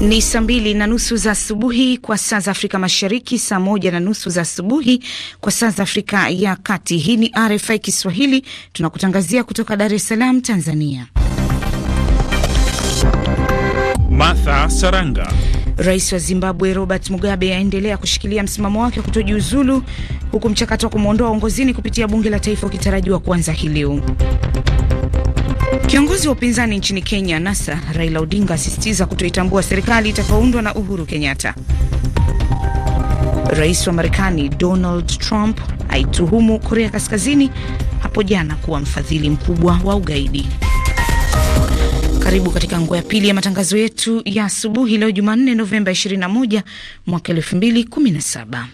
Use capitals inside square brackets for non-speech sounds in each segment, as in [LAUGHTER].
Ni saa mbili na nusu za asubuhi kwa saa za Afrika Mashariki, saa moja na nusu za asubuhi kwa saa za Afrika ya Kati. Hii ni RFI Kiswahili, tunakutangazia kutoka Dar es Salaam, Tanzania. Martha Saranga. Rais wa Zimbabwe Robert Mugabe aendelea kushikilia msimamo wake wa kutojiuzulu huku mchakato wa kumwondoa uongozini kupitia bunge la taifa ukitarajiwa kuanza hii leo. Kiongozi wa upinzani nchini Kenya, NASA, Raila Odinga asisitiza kutoitambua serikali itakaoundwa na Uhuru Kenyatta. Rais wa Marekani Donald Trump aituhumu Korea Kaskazini hapo jana kuwa mfadhili mkubwa wa ugaidi. Karibu katika nguo ya pili ya matangazo yetu ya asubuhi leo Jumanne Novemba 21 mwaka 2017.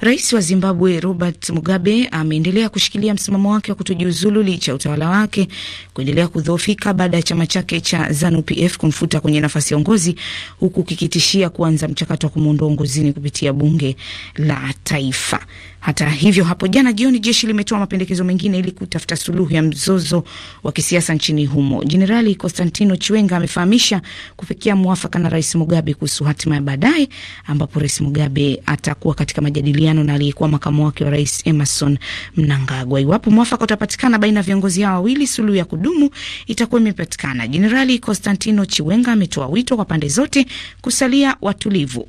Rais wa Zimbabwe Robert Mugabe ameendelea kushikilia msimamo wake wa kutojiuzulu licha ya utawala wake kuendelea kudhoofika baada ya chama chake cha ZANU-PF kumfuta kwenye nafasi ya uongozi huku kikitishia kuanza mchakato wa kumuondoa uongozini kupitia bunge la taifa. Hata hivyo, hapo jana jioni jeshi limetoa mapendekezo mengine ili kutafuta suluhu ya mzozo wa kisiasa nchini humo. Jenerali Konstantino Chiwenga amefahamisha kufikia mwafaka na Rais Mugabe kuhusu hatima ya baadaye, ambapo Rais Mugabe atakuwa katika majadiliano majadiliano na aliyekuwa makamu wake wa rais Emerson Mnangagwa. Iwapo mwafaka utapatikana baina ya viongozi hao wawili, suluhu ya kudumu itakuwa imepatikana. Jenerali Konstantino Chiwenga ametoa wito kwa pande zote kusalia watulivu.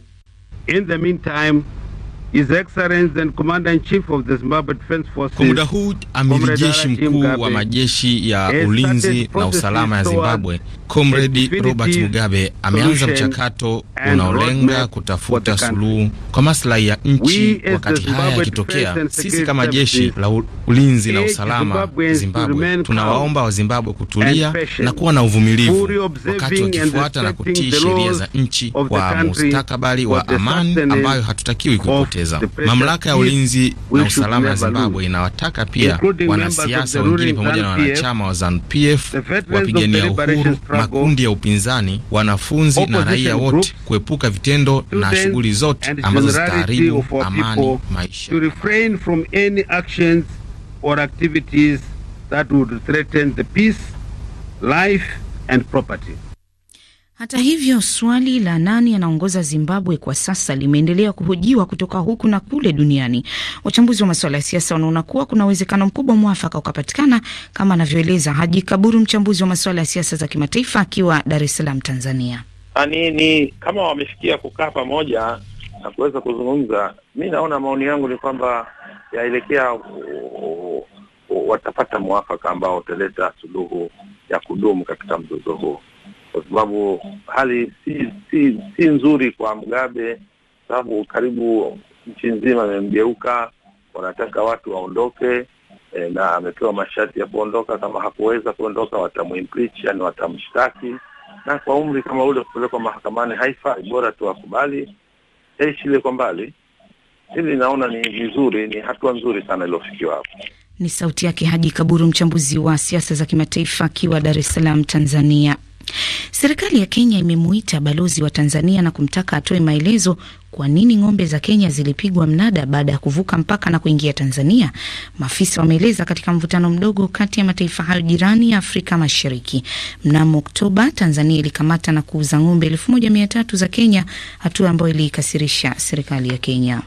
In the meantime, His Excellency and Commander in Chief of the Zimbabwe Forces. Kwa muda huu amiri jeshi mkuu wa majeshi ya ulinzi na usalama ya Zimbabwe Comrade Robert Mugabe ameanza mchakato unaolenga kutafuta suluhu kwa maslahi ya nchi. Wakati haya yakitokea, sisi kama jeshi la ulinzi na usalama Zimbabwe tunawaomba Wazimbabwe kutulia na kuwa na uvumilivu wakati wakifuata na kutii sheria za nchi kwa mustakabali wa amani ambayo hatutakiwi kupoteza. Mamlaka ya ulinzi na usalama ya Zimbabwe inawataka pia wanasiasa wengine pamoja na wanachama wa ZANU PF wapigania uhuru makundi ya upinzani, wanafunzi na raia wote kuepuka vitendo na shughuli zote ambazo zitaharibu amani maisha that would threaten the peace, life and property. Hata hivyo swali la nani anaongoza Zimbabwe kwa sasa limeendelea kuhojiwa kutoka huku na kule duniani. Wachambuzi wa masuala ya siasa wanaona kuwa kuna uwezekano mkubwa mwafaka ukapatikana, kama anavyoeleza Haji Kaburu, mchambuzi wa masuala ya siasa za kimataifa, akiwa Dar es Salaam, Tanzania. Ani, ah, ni kama wamefikia kukaa pamoja na kuweza kuzungumza, mi naona, maoni yangu ni kwamba yaelekea watapata mwafaka ambao utaleta suluhu ya kudumu katika mzozo huo kwa sababu hali si si si nzuri kwa mgabe sababu karibu nchi nzima amemgeuka wanataka watu waondoke e, na amepewa masharti ya kuondoka. Kama hakuweza kuondoka, watamwimpeach, yani watamshtaki, na kwa umri kama ule kupelekwa mahakamani haifai, bora tu akubali yaishilie kwa mbali. Hili naona ni vizuri, ni hatua nzuri sana iliyofikiwa hapo. Ni sauti yake Haji Kaburu, mchambuzi wa siasa za kimataifa, akiwa Dar es Salaam, Tanzania. Serikali ya Kenya imemuita balozi wa Tanzania na kumtaka atoe maelezo kwa nini ng'ombe za Kenya zilipigwa mnada baada ya kuvuka mpaka na kuingia Tanzania. Maafisa wameeleza katika mvutano mdogo kati ya mataifa hayo jirani ya Afrika Mashariki. Mnamo Oktoba, Tanzania ilikamata na kuuza ng'ombe elfu moja mia tatu za Kenya, hatua ambayo iliikasirisha serikali ya Kenya.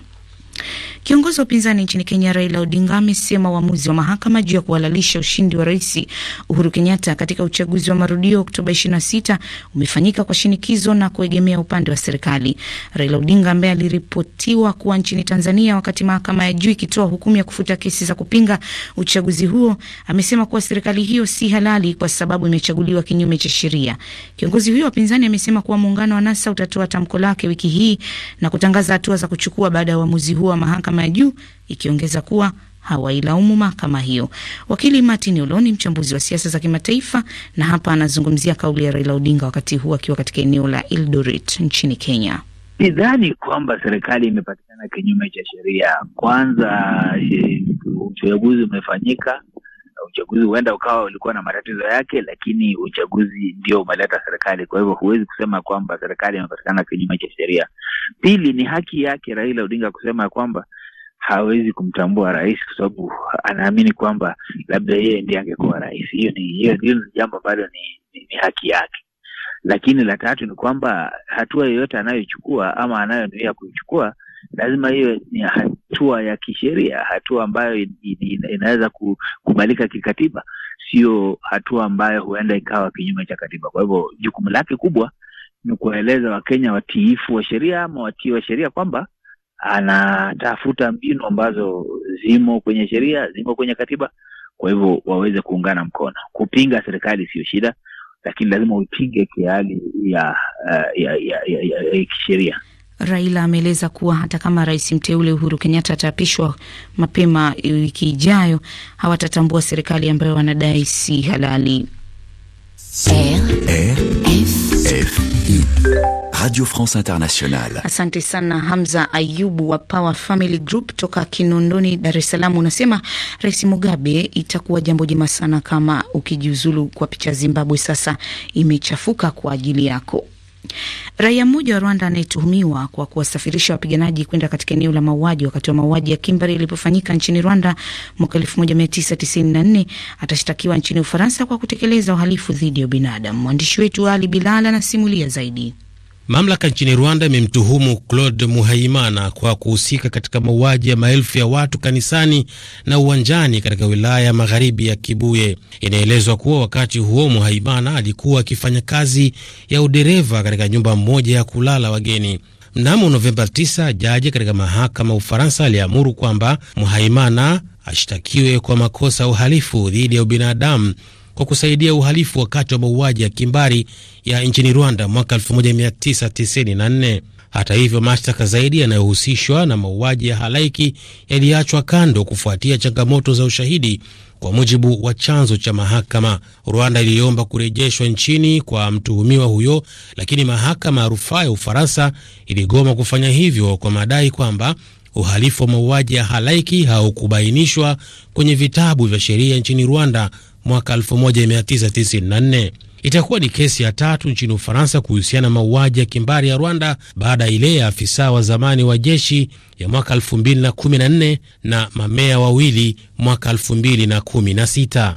Kiongozi wa upinzani nchini Kenya Raila Odinga amesema uamuzi wa mahakama juu ya kuhalalisha ushindi wa Rais Uhuru Kenyatta katika uchaguzi wa marudio Oktoba 26 umefanyika kwa shinikizo na kuegemea upande wa serikali. Raila Odinga ambaye aliripotiwa kuwa nchini Tanzania wakati mahakama ya juu ikitoa hukumu ya kufuta kesi za kupinga uchaguzi huo, amesema kuwa serikali hiyo si halali kwa sababu imechaguliwa kinyume cha sheria. Kiongozi huyo wa upinzani amesema kuwa muungano wa NASA utatoa tamko lake wiki hii na kutangaza hatua za kuchukua baada ya uamuzi huo huo wa mahakama ya juu, ikiongeza kuwa hawailaumu mahakama hiyo. Wakili Martin oloni mchambuzi wa siasa za kimataifa na hapa anazungumzia kauli ya Raila Odinga wakati huu akiwa katika eneo la Eldoret nchini Kenya. Sidhani kwamba serikali imepatikana kinyume cha sheria. Kwanza eh, uchaguzi umefanyika uchaguzi huenda ukawa ulikuwa na matatizo yake, lakini uchaguzi ndio umeleta serikali. Kwa hivyo huwezi kusema kwamba serikali imepatikana kinyume cha sheria. Pili, ni haki yake Raila Odinga kusema kwamba hawezi kumtambua rais kwa sababu anaamini kwamba labda yeye ndiye angekuwa rais. Hiyo ni hiyo jambo ambalo ni, ni, ni haki yake. Lakini la tatu ni kwamba hatua yoyote anayochukua ama anayonuia kuichukua lazima hiyo ni hatua ya kisheria, hatua ambayo in, in, inaweza kukubalika kikatiba, sio hatua ambayo huenda ikawa kinyume cha katiba. Kwa hivyo jukumu lake kubwa ni kuwaeleza Wakenya watiifu wa sheria ama watii wa sheria kwamba anatafuta mbinu ambazo zimo kwenye sheria, zimo kwenye katiba, kwa hivyo waweze kuungana mkono. Kupinga serikali siyo shida, lakini lazima uipinge kihali ya, ya, ya, ya, ya, ya kisheria. Raila ameeleza kuwa hata kama rais mteule Uhuru Kenyatta ataapishwa mapema wiki ijayo, hawatatambua serikali ambayo wanadai si halali. RFI Radio France Internationale. Asante sana Hamza Ayubu wa Power Family Group toka Kinondoni, Dar es Salaam, unasema Rais Mugabe, itakuwa jambo jema sana kama ukijiuzulu kwa picha. Zimbabwe sasa imechafuka kwa ajili yako. Raia mmoja wa Rwanda anayetuhumiwa kwa kuwasafirisha wapiganaji kwenda katika eneo la mauaji wakati wa mauaji ya kimbari yalipofanyika nchini Rwanda mwaka 1994 atashtakiwa nchini Ufaransa kwa kutekeleza uhalifu dhidi ya binadamu. Mwandishi wetu Ali Bilala anasimulia zaidi. Mamlaka nchini Rwanda imemtuhumu Claude Muhaimana kwa kuhusika katika mauaji ya maelfu ya watu kanisani na uwanjani katika wilaya ya magharibi ya Kibuye. Inaelezwa kuwa wakati huo Muhaimana alikuwa akifanya kazi ya udereva katika nyumba moja ya kulala wageni. Mnamo Novemba 9 jaji katika mahakama Ufaransa aliamuru kwamba Muhaimana ashtakiwe kwa makosa ya uhalifu dhidi ya ubinadamu kwa kusaidia uhalifu wakati wa mauaji ya kimbari ya nchini Rwanda mwaka 1994. Hata hivyo, mashtaka zaidi yanayohusishwa na mauaji ya halaiki yaliachwa kando kufuatia changamoto za ushahidi, kwa mujibu wa chanzo cha mahakama. Rwanda iliomba kurejeshwa nchini kwa mtuhumiwa huyo, lakini mahakama ya rufaa ya Ufaransa iligoma kufanya hivyo kwa madai kwamba uhalifu wa mauaji ya halaiki haukubainishwa kwenye vitabu vya sheria nchini Rwanda mwaka 1994. Itakuwa ni kesi ya tatu nchini Ufaransa kuhusiana na mauaji ya kimbari ya Rwanda baada ya ile ya afisa wa zamani wa jeshi ya mwaka 2014 na mamea wawili mwaka 2016.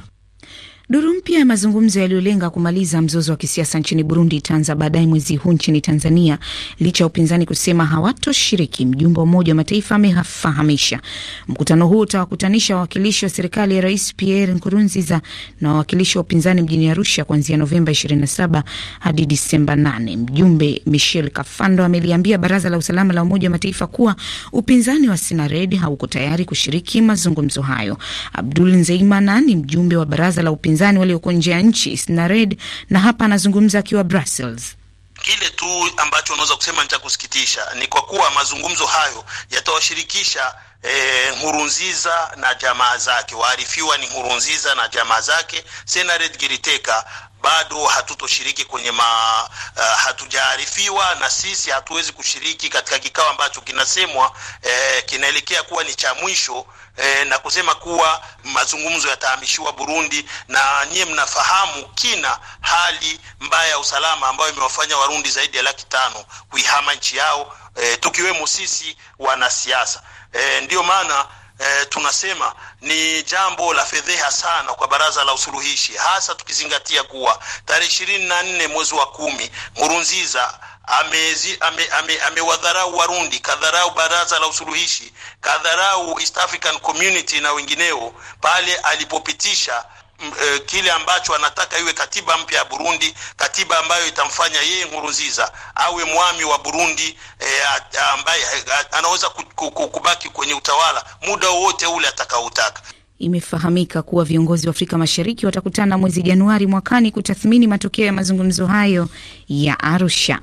Duru mpya ya mazungumzo yaliyolenga kumaliza mzozo wa kisiasa nchini Burundi itaanza baadaye mwezi huu nchini Tanzania, licha ya upinzani kusema hawatoshiriki. Mjumbe wa Umoja wa Mataifa amefahamisha mkutano huo utawakutanisha wawakilishi wa serikali ya Rais Pierre Nkurunziza na wawakilishi wa upinzani mjini Arusha kuanzia Novemba 27 hadi Disemba 8. Mjumbe Michel Kafando ameliambia Baraza la Usalama la Umoja wa Mataifa kuwa upinzani wa Sinared hauko tayari kushiriki mazungumzo hayo. Abdul Nzeimana ni mjumbe wa Baraza la upinzani wapinzani walioko nje ya nchi Snared, na hapa anazungumza akiwa Brussels. Kile tu ambacho unaweza kusema ni cha kusikitisha ni kwa kuwa mazungumzo hayo yatawashirikisha e, Nkurunziza na jamaa zake. Waarifiwa ni Nkurunziza na jamaa zake. Senared Giriteka bado hatutoshiriki kwenye ma, uh, hatujaarifiwa na sisi hatuwezi kushiriki katika kikao ambacho kinasemwa eh, kinaelekea kuwa ni cha mwisho eh, na kusema kuwa mazungumzo yatahamishiwa Burundi, na nyie mnafahamu kina hali mbaya ya usalama ambayo imewafanya Warundi zaidi ya laki tano kuihama nchi yao e, tukiwemo sisi wanasiasa e, eh, ndiyo maana e, tunasema ni jambo la fedheha sana kwa baraza la usuluhishi, hasa tukizingatia kuwa tarehe ishirini na nne mwezi wa kumi Murunziza amewadharau ame, ame Warundi, kadharau baraza la usuluhishi, kadharau East African Community na wengineo pale alipopitisha eh, kile ambacho anataka iwe katiba mpya ya Burundi, katiba ambayo itamfanya yeye Nkurunziza awe mwami wa Burundi eh, ambaye eh, anaweza kubaki kwenye utawala muda wowote ule atakaoutaka Imefahamika kuwa viongozi wa Afrika Mashariki watakutana mwezi Januari mwakani kutathmini matokeo ya mazungumzo hayo ya Arusha.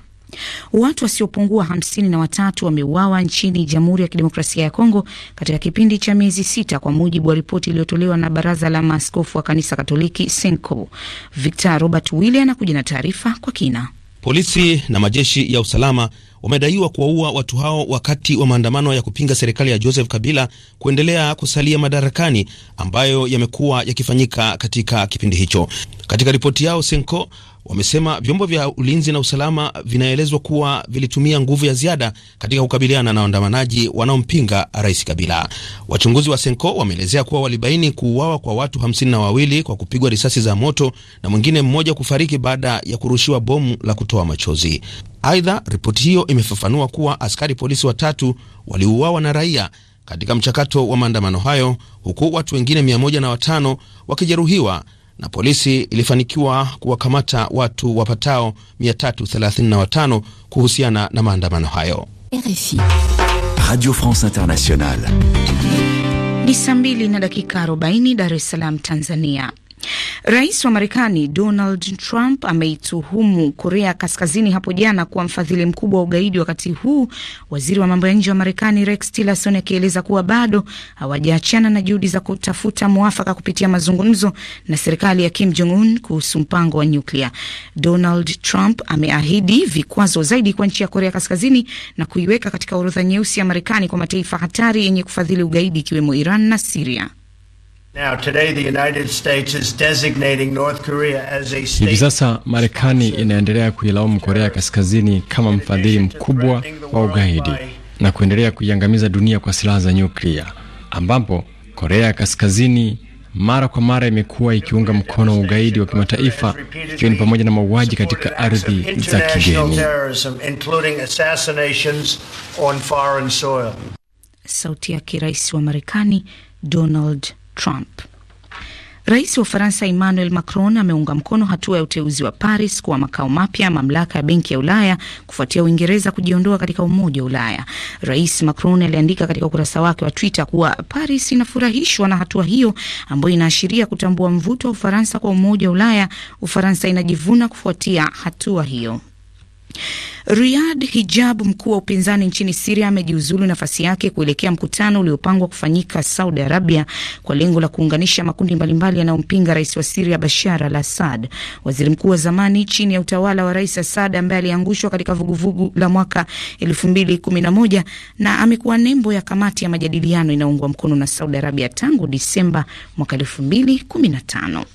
Watu wasiopungua hamsini na watatu wameuawa nchini Jamhuri ya Kidemokrasia ya Kongo katika kipindi cha miezi sita, kwa mujibu wa ripoti iliyotolewa na Baraza la Maaskofu wa Kanisa Katoliki senco Victor Robert Wille anakuja na taarifa kwa kina. Polisi na majeshi ya usalama wamedaiwa kuwaua watu hao wakati wa maandamano ya kupinga serikali ya Joseph Kabila kuendelea kusalia madarakani ambayo yamekuwa yakifanyika katika kipindi hicho. Katika ripoti yao Senco wamesema vyombo vya ulinzi na usalama vinaelezwa kuwa vilitumia nguvu ya ziada katika kukabiliana na waandamanaji wanaompinga Rais Kabila. Wachunguzi wa Senko wameelezea kuwa walibaini kuuawa kwa watu hamsini na wawili kwa kupigwa risasi za moto na mwingine mmoja kufariki baada ya kurushiwa bomu la kutoa machozi. Aidha, ripoti hiyo imefafanua kuwa askari polisi watatu waliuawa na raia katika mchakato wa maandamano hayo huku watu wengine 105 wakijeruhiwa na polisi ilifanikiwa kuwakamata watu wapatao 335 kuhusiana na maandamano hayo. RFI Radio France Internationale. Ni saa mbili na dakika 40 Dar es Salaam, Tanzania. Rais wa Marekani Donald Trump ameituhumu Korea Kaskazini hapo jana kuwa mfadhili mkubwa wa ugaidi, wakati huu waziri wa mambo ya nje wa Marekani Rex Tillerson akieleza kuwa bado hawajaachana na juhudi za kutafuta mwafaka kupitia mazungumzo na serikali ya Kim Jong Un kuhusu mpango wa nyuklia. Donald Trump ameahidi vikwazo zaidi kwa nchi ya Korea Kaskazini na kuiweka katika orodha nyeusi ya Marekani kwa mataifa hatari yenye kufadhili ugaidi ikiwemo Iran na Siria. Hivi sasa Marekani inaendelea kuilaumu Korea Kaskazini kama mfadhili mkubwa wa ugaidi na kuendelea kuiangamiza dunia kwa silaha za nyuklia, ambapo Korea Kaskazini mara kwa mara imekuwa ikiunga mkono ugaidi wa kimataifa ikiwa ni pamoja na mauaji katika ardhi za kigeni. Sauti yake Rais wa Marekani Donald Trump. Rais wa Ufaransa Emmanuel Macron ameunga mkono hatua ya uteuzi wa Paris kuwa makao mapya mamlaka ya benki ya Ulaya kufuatia Uingereza kujiondoa katika Umoja wa Ulaya. Rais Macron aliandika katika ukurasa wake wa Twitter kuwa Paris inafurahishwa na hatua hiyo ambayo inaashiria kutambua mvuto wa Ufaransa kwa Umoja wa Ulaya. Ufaransa inajivuna kufuatia hatua hiyo. Riyad Hijab, mkuu wa upinzani nchini Siria, amejiuzulu nafasi yake kuelekea mkutano uliopangwa kufanyika Saudi Arabia kwa lengo la kuunganisha makundi mbalimbali yanayompinga rais wa Siria Bashar al Assad. Waziri mkuu wa zamani chini ya utawala wa rais Assad ambaye aliangushwa katika vuguvugu la mwaka 2011 na amekuwa nembo ya kamati ya majadiliano inayoungwa mkono na Saudi Arabia tangu Disemba mwaka 2015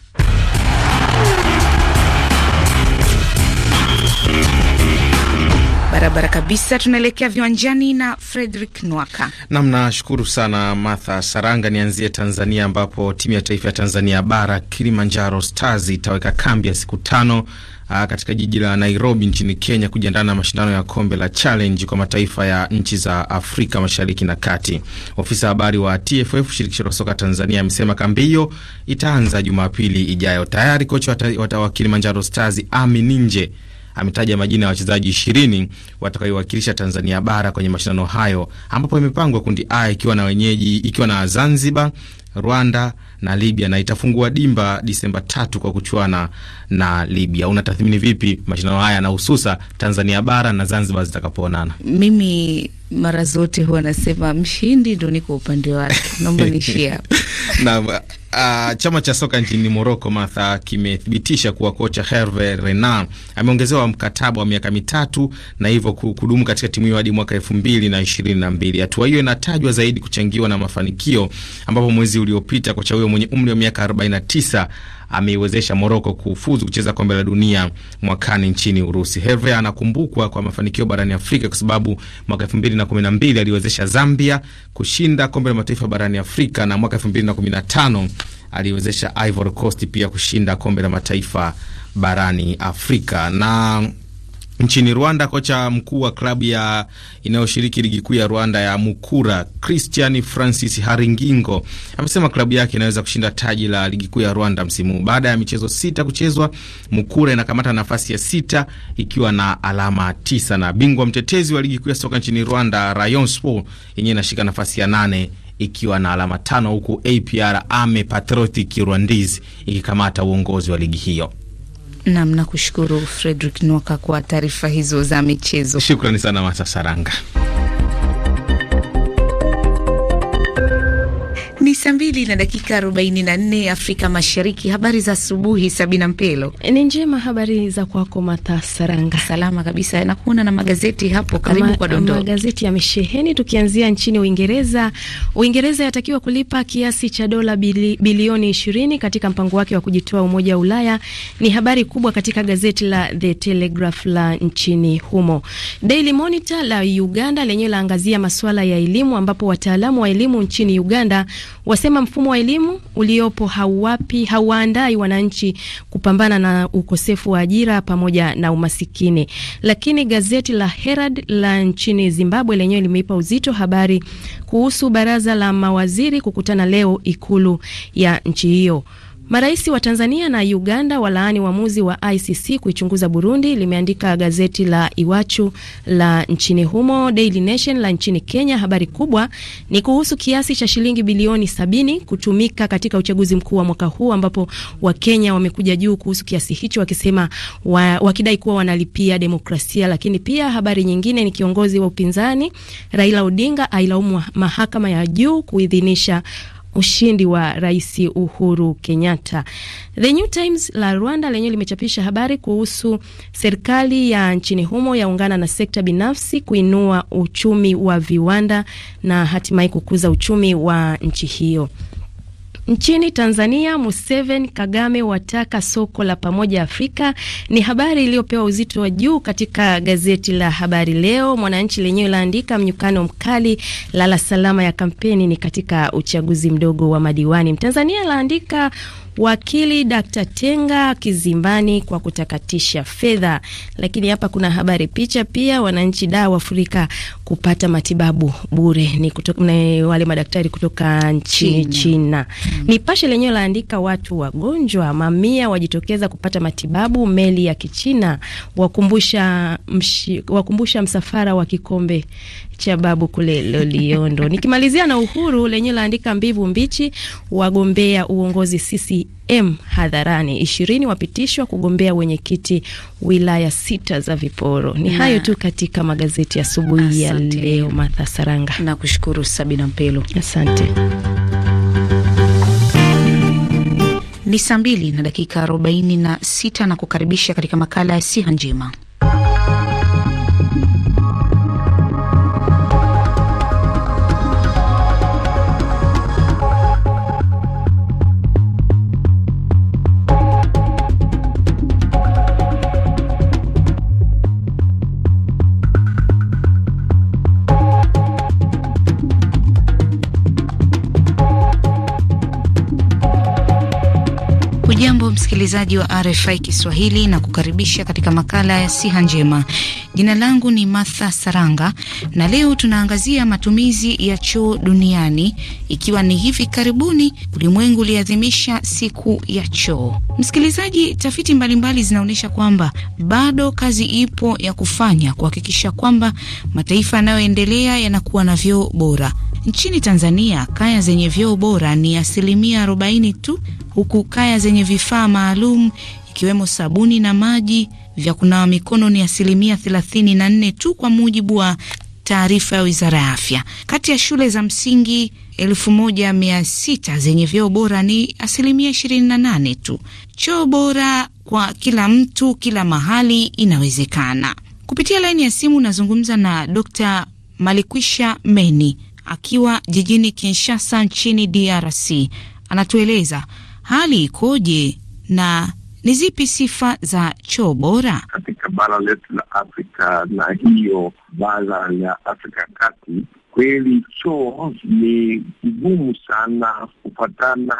barabara kabisa. Tunaelekea viwanjani na Fredrick Nwaka. Nam, nashukuru sana Martha Saranga. Nianzie Tanzania ambapo timu ya taifa ya Tanzania bara Kilimanjaro Stars itaweka kambi ya siku tano Aa, ah, katika jiji la Nairobi nchini Kenya kujiandaa na mashindano ya kombe la Challenge kwa mataifa ya nchi za Afrika Mashariki na Kati. Ofisa habari wa TFF shirikisho la soka Tanzania amesema kambi hiyo itaanza Jumapili ijayo. Tayari kocha wa Kilimanjaro Stars Ami Ninje ametaja majina ya wachezaji ishirini watakaoiwakilisha Tanzania bara kwenye mashindano hayo ambapo imepangwa kundi A ikiwa na wenyeji ikiwa na Zanzibar, Rwanda na Libya na itafungua dimba Disemba tatu kwa kuchuana na Libya. Unatathmini vipi mashindano haya na hususa Tanzania bara na Zanzibar zitakapoonana? Mimi mara zote huwa nasema mshindi ndo niko upande wake, naomba niishie [LAUGHS] Uh, chama cha soka nchini Morocco Martha kimethibitisha kuwa kocha Herve Renard ameongezewa mkataba wa miaka mitatu na hivyo kudumu katika timu hiyo hadi mwaka elfu mbili na ishirini na mbili. Hatua hiyo inatajwa zaidi kuchangiwa na mafanikio ambapo mwezi uliopita kocha huyo mwenye umri wa miaka 49 ameiwezesha Moroko kufuzu kucheza kombe la dunia mwakani nchini Urusi. Herve anakumbukwa kwa mafanikio barani Afrika kwa sababu mwaka mbili aliwezesha Zambia kushinda kombe la mataifa barani Afrika na mwaka tano aliwezesha Ivory Coast pia kushinda kombe la mataifa barani Afrika na Nchini Rwanda, kocha mkuu wa klabu ya inayoshiriki ligi kuu ya Rwanda ya Mukura, Christian Francis Haringingo, amesema klabu yake inaweza kushinda taji la ligi kuu ya Rwanda msimu huu. Baada ya michezo sita kuchezwa, Mukura inakamata nafasi ya sita ikiwa na alama tisa, na bingwa mtetezi wa ligi kuu ya soka nchini Rwanda, Rayon Sport, yenyewe inashika nafasi ya nane ikiwa na alama tano, huku APR Ame Patriotic Rwandizi ikikamata uongozi wa ligi hiyo. Nam, nakushukuru Fredrick Nwaka kwa taarifa hizo za michezo. Shukrani sana Masa Saranga. saa mbili na dakika arobaini na nne Afrika Mashariki. Habari za asubuhi, Sabina Mpelo. Ni njema, habari za kwako Martha Saranga? Salama kabisa, nakuona na magazeti hapo karibu. Ama, kwa dondoo, magazeti yamesheheni, tukianzia nchini Uingereza. Uingereza yatakiwa kulipa kiasi cha dola bili, bilioni ishirini katika mpango wake wa kujitoa Umoja wa Ulaya, ni habari kubwa katika gazeti la The Telegraph la nchini humo. Daily Monitor la Uganda lenyewe laangazia masuala ya elimu, ambapo wataalamu wa elimu nchini Uganda wasema mfumo wa elimu uliopo hauwapi hauwaandai wananchi kupambana na ukosefu wa ajira pamoja na umasikini. Lakini gazeti la Herald la nchini Zimbabwe lenyewe limeipa uzito habari kuhusu baraza la mawaziri kukutana leo ikulu ya nchi hiyo. Marais wa Tanzania na Uganda walaani uamuzi wa ICC kuichunguza Burundi, limeandika gazeti la Iwachu la nchini humo. Daily Nation la nchini Kenya, habari kubwa ni kuhusu kiasi cha shilingi bilioni sabini kutumika katika uchaguzi mkuu wa mwaka huu, ambapo Wakenya wamekuja juu kuhusu kiasi hicho, wakisema wa, wakidai kuwa wanalipia demokrasia. Lakini pia habari nyingine ni kiongozi wa upinzani Raila Odinga ailaumu mahakama ya juu kuidhinisha ushindi wa Rais Uhuru Kenyatta. The New Times la Rwanda lenyewe limechapisha habari kuhusu serikali ya nchini humo yaungana na sekta binafsi kuinua uchumi wa viwanda na hatimaye kukuza uchumi wa nchi hiyo. Nchini Tanzania, Museveni Kagame wataka soko la pamoja Afrika, ni habari iliyopewa uzito wa juu katika gazeti la Habari Leo. Mwananchi lenyewe laandika mnyukano mkali, lala salama ya kampeni ni katika uchaguzi mdogo wa madiwani. Mtanzania laandika wakili Dkt. Tenga kizimbani kwa kutakatisha fedha. Lakini hapa kuna habari picha pia, wananchi da wafurika kupata matibabu bure, ni kutoka, wale madaktari kutoka nchini China, China. Mm. Nipashe lenyewe laandika watu wagonjwa mamia wajitokeza kupata matibabu meli ya Kichina wakumbusha, mshi, wakumbusha msafara wa kikombe cha babu kule Loliondo. [LAUGHS] Nikimalizia na Uhuru lenye laandika mbivu mbichi, wagombea uongozi CCM hadharani, ishirini wapitishwa kugombea wenyekiti wilaya sita za viporo. Ni hayo tu katika magazeti asubuhi ya, ya leo. Martha Saranga, nakushukuru. Sabina Mpelo, asante. Ni saa mbili na dakika arobaini na sita na kukaribisha katika makala ya siha njema msikilizaji wa RFI Kiswahili na kukaribisha katika makala ya siha njema. Jina langu ni Martha Saranga na leo tunaangazia matumizi ya choo duniani, ikiwa ni hivi karibuni ulimwengu uliadhimisha siku ya choo. Msikilizaji, tafiti mbalimbali zinaonyesha kwamba bado kazi ipo ya kufanya kuhakikisha kwamba mataifa yanayoendelea yanakuwa na vyoo bora. Nchini Tanzania, kaya zenye vyoo bora ni asilimia 40 tu, huku kaya zenye vifaa maalum ikiwemo sabuni na maji vya kunawa mikono ni asilimia 34 tu, kwa mujibu wa taarifa ya Wizara ya Afya. Kati ya shule za msingi 1600 zenye vyoo bora ni asilimia 28 tu. Choo bora kwa kila mtu kila mahali inawezekana. Kupitia laini ya simu nazungumza na Dr. Malikwisha Meni akiwa jijini Kinshasa nchini DRC. Anatueleza hali ikoje na ni zipi sifa za choo bora katika bara letu la Afrika na hiyo bara ya Afrika kati. Kweli choo ni kigumu sana kufuatana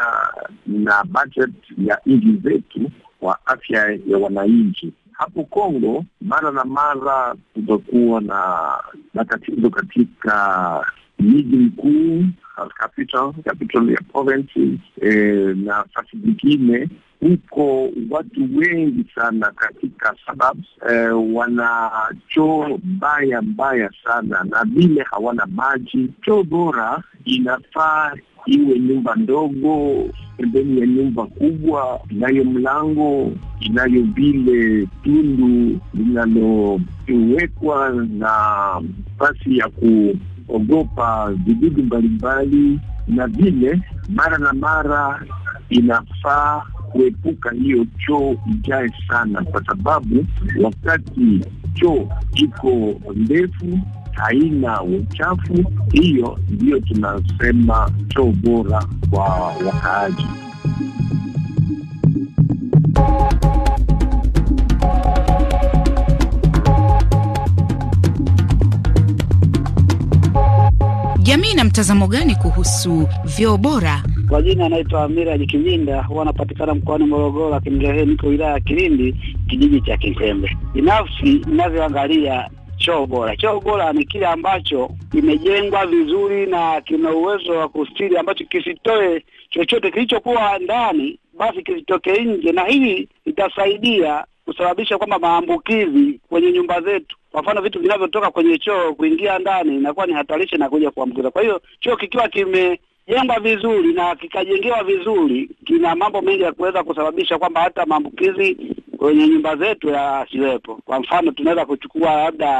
na budget ya nchi zetu kwa afya ya wananchi. Hapo Kongo mara na mara kutakuwa na matatizo katika miji mkuu capital, capital ya provinces eh, na fasi zingine huko watu wengi sana katika suburbs eh, wana choo mbaya mbaya sana, na vile hawana maji. Choo bora inafaa iwe nyumba ndogo pembeni ya nyumba kubwa, inayo mlango, inayo vile tundu linalowekwa na fasi ya ku inaogopa vidudu mbalimbali, na vile mara na mara inafaa kuepuka hiyo choo ijae sana, kwa sababu wakati choo iko ndefu haina uchafu. Hiyo ndiyo tunasema choo bora kwa wakaaji. mtazamo gani kuhusu vyoo bora? Kwa jina anaitwa Amira kijinda huwa anapatikana mkoani Morogoro, lakini leo hii niko wilaya ya Kilindi, kijiji cha Kitembe. Binafsi ninavyoangalia choo bora, choo bora ni kile ambacho kimejengwa vizuri na kina uwezo wa kustiri, ambacho kisitoe chochote kilichokuwa ndani, basi kisitoke nje, na hii itasaidia kusababisha kwamba maambukizi kwenye nyumba zetu kwa mfano vitu vinavyotoka kwenye choo kuingia ndani inakuwa ni hatarishi na kuja kuambukiza. Kwa hiyo choo kikiwa kimejengwa vizuri na kikajengewa vizuri, kina mambo mengi ya kuweza kusababisha kwamba hata maambukizi kwenye nyumba zetu yasiwepo. Kwa mfano tunaweza kuchukua labda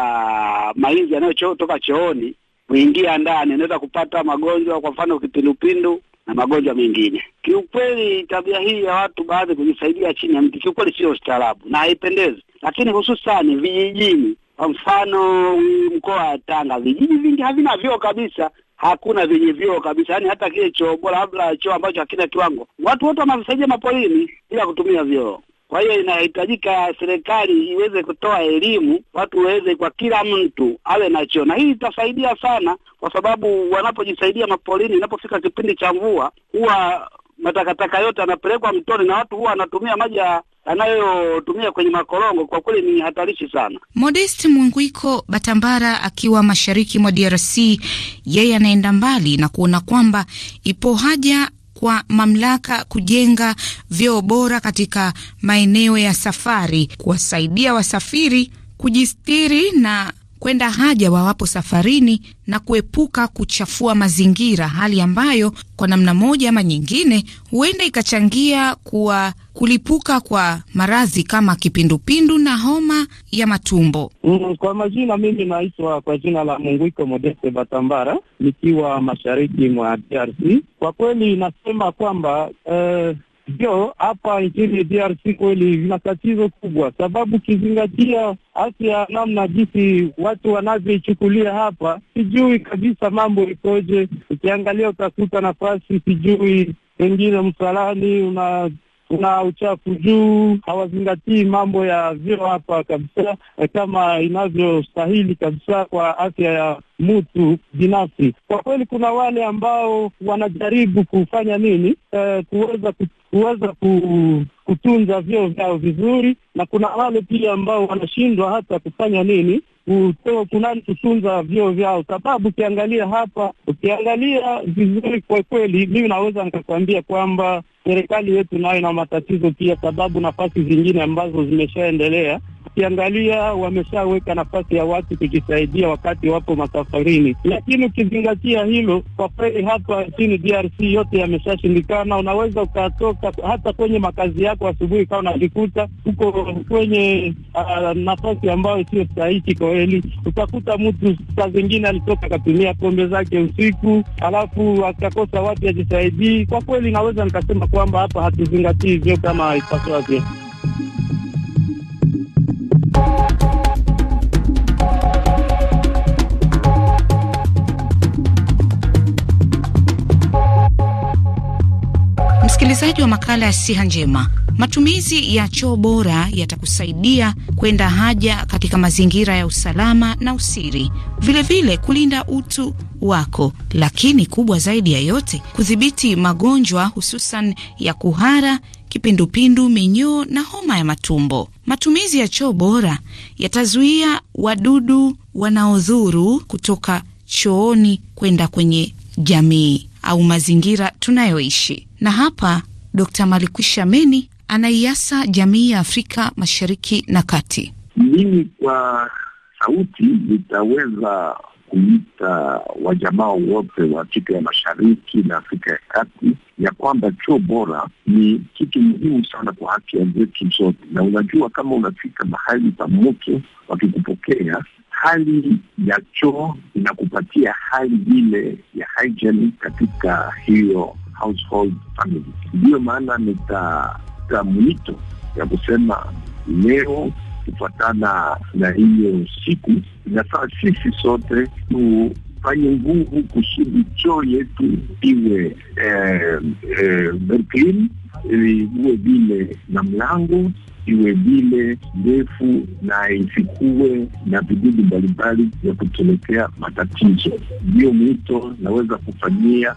mainzi yanayotoka chooni kuingia ndani, unaweza kupata magonjwa, kwa mfano kipindupindu na magonjwa mengine. Kiukweli tabia hii ya watu baadhi kujisaidia chini ya mti, kiukweli sio ustaarabu na haipendezi, lakini hususani vijijini kwa mfano mkoa wa Tanga, vijiji vingi havina vyoo kabisa, hakuna vyenye vyoo kabisa, yaani hata kile choo bora, labda choo ambacho hakina kiwango, watu wote wanavisaidia mapolini bila kutumia vyoo. Kwa hiyo inahitajika serikali iweze kutoa elimu, watu waweze, kwa kila mtu awe na choo, na hii itasaidia sana, kwa sababu wanapojisaidia mapolini, inapofika kipindi cha mvua, huwa matakataka yote yanapelekwa mtoni na watu huwa wanatumia maji ya anayotumia kwenye makorongo kwa kweli ni hatarishi sana. Modest Mwinguiko Batambara akiwa mashariki mwa DRC, yeye anaenda mbali na kuona kwamba ipo haja kwa mamlaka kujenga vyoo bora katika maeneo ya safari kuwasaidia wasafiri kujistiri na kwenda haja wawapo safarini na kuepuka kuchafua mazingira, hali ambayo kwa namna moja ama nyingine huenda ikachangia kuwa kulipuka kwa maradhi kama kipindupindu na homa ya matumbo. Mm, kwa majina mimi naitwa kwa jina la Munguiko Modeste Batambara nikiwa mashariki mwa DRC. Kwa kweli nasema kwamba eh, ndio hapa nchini DRC kweli ina tatizo kubwa, sababu ukizingatia hasi ya namna jinsi watu wanavyoichukulia hapa, sijui kabisa mambo ikoje. Ukiangalia utakuta nafasi sijui pengine msalani una kuna uchafu juu, hawazingatii mambo ya vyo hapa kabisa kama inavyostahili kabisa kwa afya ya mtu binafsi. Kwa kweli kuna wale ambao wanajaribu kufanya nini, eh, kuweza kuweza kutunza vyoo vyao vizuri, na kuna wale pia ambao wanashindwa hata kufanya nini kunani kutunza vyoo vyao, sababu ukiangalia hapa, ukiangalia vizuri, kwa kweli mimi naweza nikakwambia kwamba serikali yetu nayo ina matatizo pia, sababu nafasi zingine ambazo zimeshaendelea Ukiangalia wameshaweka nafasi ya watu kujisaidia wakati wapo masafarini, lakini ukizingatia hilo, kwa kweli hapa nchini DRC yote yameshashindikana. Unaweza ukatoka hata kwenye makazi yako asubuhi, kaa unajikuta huko kwenye uh, nafasi ambayo sio stahiki kweli. Utakuta mtu saa zingine alitoka akatumia pombe zake usiku, alafu akakosa watu ajisaidii. Kwa kweli naweza nikasema kwamba hapa hatuzingatii vyo kama ipasavyo. Msikilizaji wa makala ya siha njema, matumizi ya choo bora yatakusaidia kwenda haja katika mazingira ya usalama na usiri, vilevile vile kulinda utu wako, lakini kubwa zaidi ya yote kudhibiti magonjwa hususan ya kuhara, kipindupindu, minyoo na homa ya matumbo. Matumizi ya choo bora yatazuia wadudu wanaodhuru kutoka chooni kwenda kwenye jamii au mazingira tunayoishi. Na hapa Dkt. Malikwisha Meni anaiasa jamii ya Afrika Mashariki na Kati. Mimi kwa sauti nitaweza kuita wajamaa wote wa Afrika ya Mashariki na Afrika ya Kati ya kwamba choo bora ni kitu muhimu sana kwa afya zetu zote. Na unajua, kama unafika mahali pa mtu wakikupokea, hali ya choo inakupatia hali ile ya hygiene katika hiyo household family. Ndiyo maana nitata mwito ya kusema leo kufuatana na hiyo siku, inafaa sisi sote fanye nguvu kusudi choo yetu iwe eh, eh, iwe vile na mlango iwe vile ndefu na isikuwe na vidudu mbalimbali vya kutuletea matatizo. Ndiyo mwito naweza kufanyia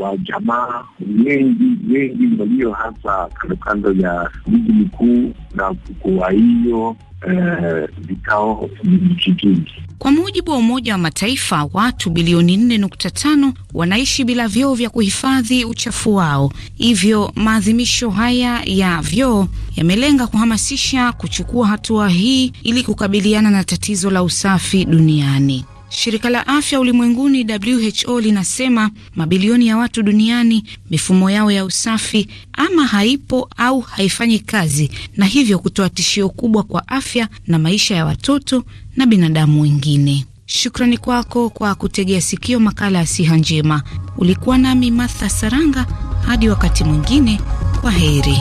wajamaa wengi wengi walio hasa kandokando ya miji mikuu na kwa hiyo eh, vikao eh, ni Kwa mujibu wa Umoja wa Mataifa, watu bilioni 4.5 wanaishi bila vyoo vya kuhifadhi uchafu wao. Hivyo maadhimisho haya ya vyoo yamelenga kuhamasisha kuchukua hatua hii ili kukabiliana na tatizo la usafi duniani. Shirika la Afya Ulimwenguni WHO linasema mabilioni ya watu duniani mifumo yao ya usafi ama haipo au haifanyi kazi na hivyo kutoa tishio kubwa kwa afya na maisha ya watoto na binadamu wengine. Shukrani kwako kwa kutegea sikio makala ya Siha Njema. Ulikuwa nami Martha Saranga hadi wakati mwingine, kwa heri.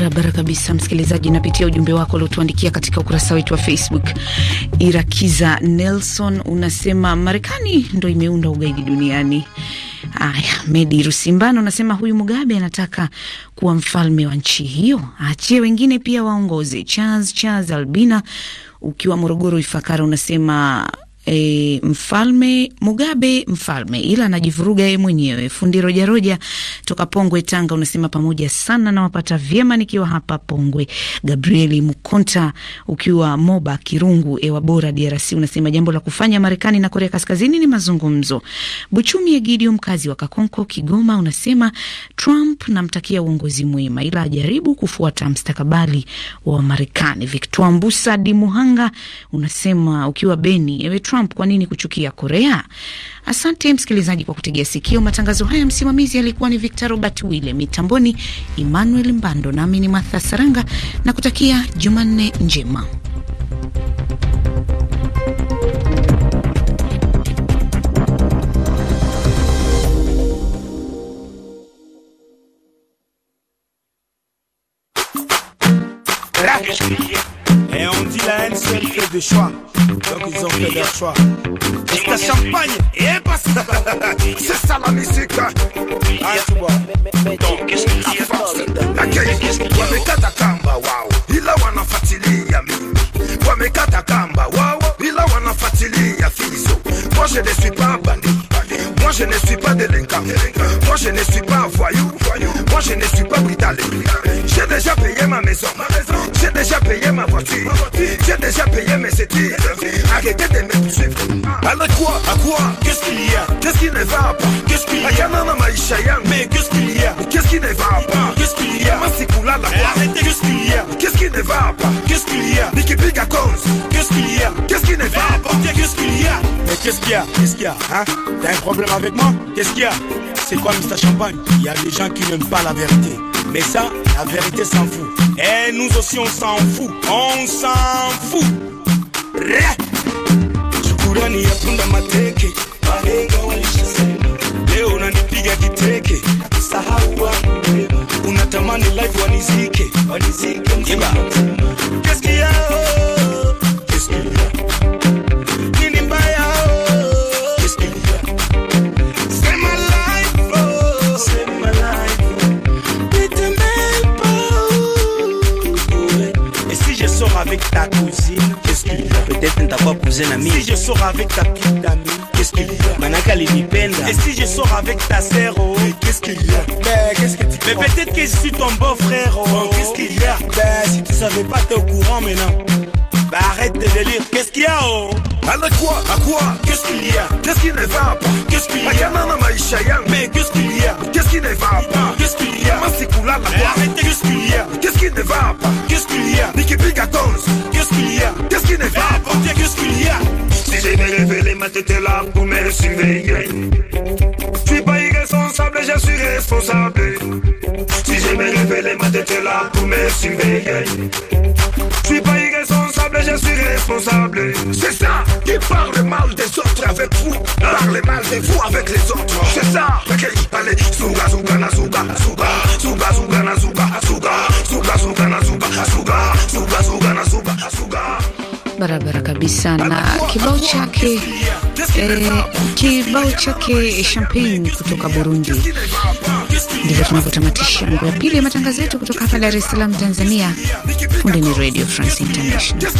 barabara kabisa, msikilizaji. Napitia ujumbe wako uliotuandikia katika ukurasa wetu wa Facebook. Irakiza Nelson unasema Marekani ndo imeunda ugaidi duniani. Aya, Medi Rusimbano unasema huyu Mugabe anataka kuwa mfalme wa nchi hiyo, aachie wengine pia waongoze. Charles Charles Albina ukiwa Morogoro Ifakara unasema e, mfalme Mugabe mfalme ila anajivuruga yeye mwenyewe. Fundi rojaroja toka Pongwe, Tanga, unasema pamoja sana na wapata vyema nikiwa hapa Pongwe. Gabrieli Mkonta ukiwa Moba Kirungu, ewa bora DRC, unasema jambo la kufanya Marekani na Korea Kaskazini ni mazungumzo. Buchumi Egidio mkazi wa Kakonko, Kigoma, unasema Trump namtakia uongozi mwema, ila ajaribu kufuata mstakabali wa Marekani. Victor Mbusa Dimuhanga unasema ukiwa Beni, ewe Trump kwa nini kuchukia Korea? Asante msikilizaji kwa kutegea sikio matangazo haya. Msimamizi alikuwa ni Victor Robert Wille, mitamboni Emmanuel Mbando, nami ni Martha Saranga na kutakia Jumanne njema. de choix. Donc ils ont fait leur choix. C'est la champagne et [LAUGHS] C'est ça la musique. Hein. Ah, Donc, qu'est-ce qu'il y a La gueule, qu'est-ce qu'il y a wow. a Moi, je ne suis pas Moi je ne suis pas délinquant, moi je ne suis pas voyou, moi je ne suis pas brutal. J'ai déjà payé ma maison, ma maison. J'ai déjà payé ma voiture, j'ai déjà payé mes études. Arrêtez de me poursuivre. Alors quoi À quoi Qu'est-ce qu'il y a Qu'est-ce qui ne va pas Qu'est-ce qu'il y a Mais qu'est-ce qu'il y a Qu'est-ce qui ne va pas Qu'est-ce qu'il y a pour la Arrêtez Qu'est-ce qu'il y a Qu'est-ce qui ne va pas Qu'est-ce qu'il y a Nikipiga Cons Qu'est-ce qu'il y a Qu'est-ce qui ne va pas Qu'est-ce qu'il y a Qu'est-ce qu'il y a Hein T'as un problème avec moi Qu'est-ce qu'il y a C'est quoi, Mr. Champagne Il y a des gens qui n'aiment pas la vérité. Mais ça, la vérité s'en fout. Et eh, nous aussi, on s'en fout. On s'en fout. Shukurani ya tunda mateke, wahenga walishasema, leo unanipiga kiteke, sahau unatamani life wanizike, wanizike y oh cousine Qu'est-ce qu'il y a Peut-être ne t'a pas posé un ami Si je sors avec ta petite amie Qu'est-ce qu'il y a Manaka Penda Et si je sors avec ta sœur oh qu'est-ce qu'il y a Mais ben, qu'est-ce que tu Mais peut-être que je suis ton beau-frère oh Qu'est-ce qu'il y a Ben si tu savais pas t'es au courant maintenant bah arrête de délire, qu'est-ce qu'il y a oh À quoi À quoi Qu'est-ce qu'il y a Qu'est-ce qu'il ne va pas Qu'est-ce qu'il y a Maïcha Yang Je suis pas irresponsable, je suis responsable. Si je me révélé, ma tête est là pour me surveiller. Je suis pas irresponsable, je suis responsable. C'est ça qui parle mal des autres avec vous. Parle mal de vous avec les autres. C'est ça. qui parle Souga, souga, na souga, souga, souga, souga, na barabara kabisa na kibao chake eh, kibao chake champagne kutoka Burundi. Ndivyo tunavyotamatisha ngo ya pili ya matangazo yetu kutoka hapa Dar es Salaam, Tanzania. fundi ni Radio France International.